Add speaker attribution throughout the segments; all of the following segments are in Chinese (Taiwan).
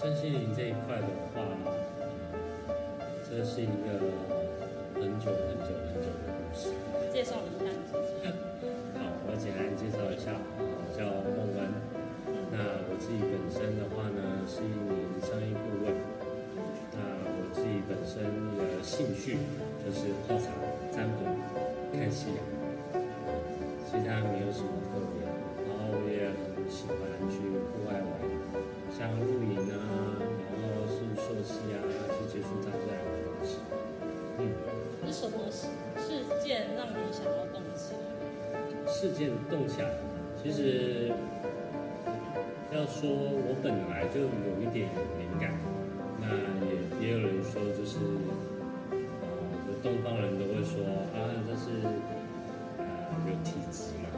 Speaker 1: 身心靈這一塊的話、嗯，這是一個很久很久很久的故事。介紹你自己呵、嗯。好，我簡單介紹一下，我、嗯、叫孟恩。那我自己本身的話呢，是一名商業顧問。那我自己本身的興趣就是泡茶、占、啊、卜、看戲、嗯。其他沒有什麼特別。然後我也很喜歡。事件動向，其實，要說我本來就有一點靈感，那也也有人說就是，呃、嗯，東方人都會說啊，這是，呃，有體質嘛，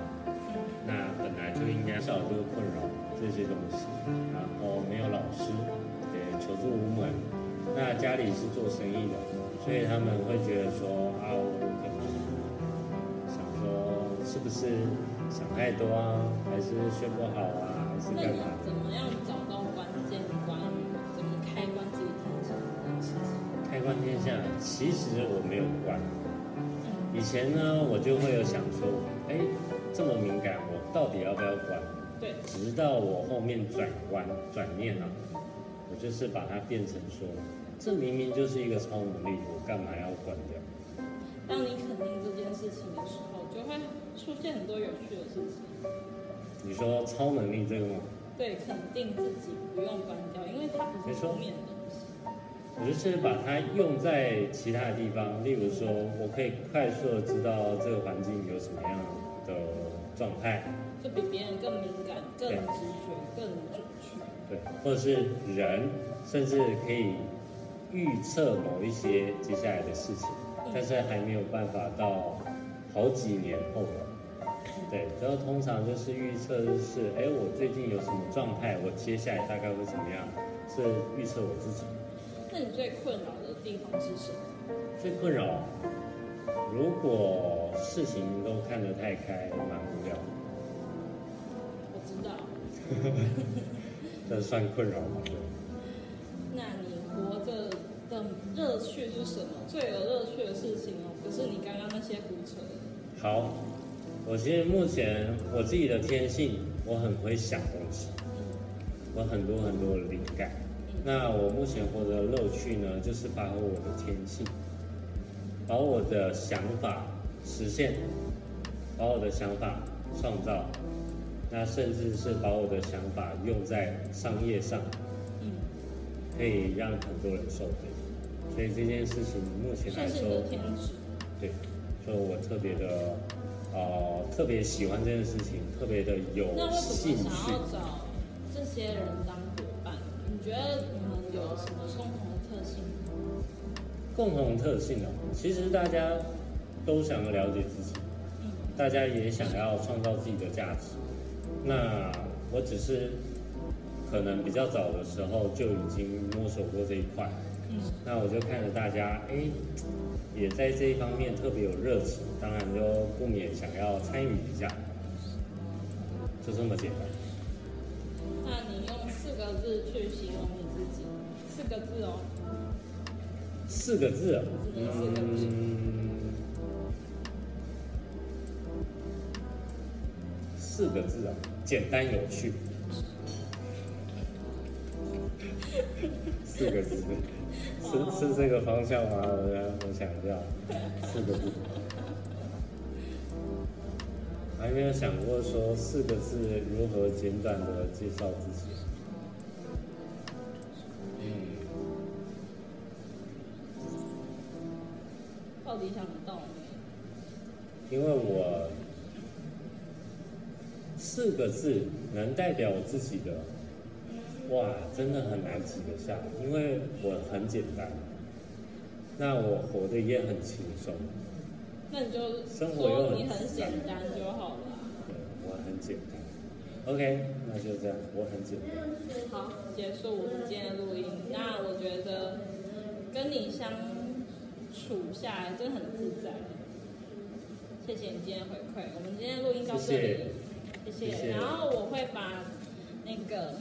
Speaker 1: 那本來就應該少這個困擾這些東西，然後沒有老師，得求助無門，那家裡是做生意的，所以他們會覺得說啊，我。是不是想太多啊？還是睡不好啊？還是幹嘛？怎麼樣找到關鍵？關於怎麼開關“天下”？開關“天下”，其實我沒有關。以前呢，我就會有想說，哎，這麼敏感，我到底要不要關？對。直到我後面轉彎轉念啊，我就是把它變成說，這明明就是一個超能力，我幹嘛要關掉？當你肯定這件事情。出現很多有趣的事情。你說超能力這個嗎？對，肯定自己不用關掉，因為它不是負面的東西。我就是把它用在其他的地方，例如說，我可以快速的知道這個環境有什麼樣的狀態，就比別人更敏感、更直覺、對更準確。對，或者是人，甚至可以預測某一些接下來的事情，對但是還沒有辦法到好幾年後了。對，然後通常就是預測、就是，哎，我最近有什麼狀態，我接下來大概會怎麼樣？是預測我自己。那你最困擾的地方是什麼？最困擾，如果事情都看得太開，蠻無聊。我知道。 這算困擾嗎？ 那你活着的樂趣是什麼？最有樂趣的事情哦，不是你剛剛那些胡扯。好。我其實目前我自己的天性，我很會想東西，我很多很多的靈感。那我目前獲得的樂趣呢，就是把我的天性，把我的想法實現，把我的想法創造，那甚至是把我的想法用在商業上，嗯，可以讓很多人受益。所以這件事情目前來說，對，所以我特別的。哦、呃，特別喜歡這件事情，特別的有興趣。那想要找這些人當夥伴？你覺得你們有什麼共同的特性？共同特性啊，其實大家都想要了解自己，大家也想要創造自己的價值。那我只是可能比較早的時候就已經摸索過這一塊。那我就看着大家，哎，也在這一方面特別有熱情，當然就不免想要參與一下，就這麼簡單。那你用四個字去形容你自己，四個字哦。四個字哦，嗯，四個字啊，簡單有趣。四個字，是是這個方向嗎？我、oh. 我想一下，四個字，還沒有想過說四個字如何簡短的介紹自己。Oh. 嗯，到底想不到。因為我四個字能代表我自己的。哇，真的很難擠得下，因為我很簡單，那我活得也很輕鬆。那你就說你很簡單就好了。對，我很簡單。OK，那就這樣，我很簡單。好，結束我們今天的錄音。那我覺得跟你相處下來真的很自在。謝謝你今天的回饋，我們今天錄音到這裡，謝謝。謝謝，然後我會把那個。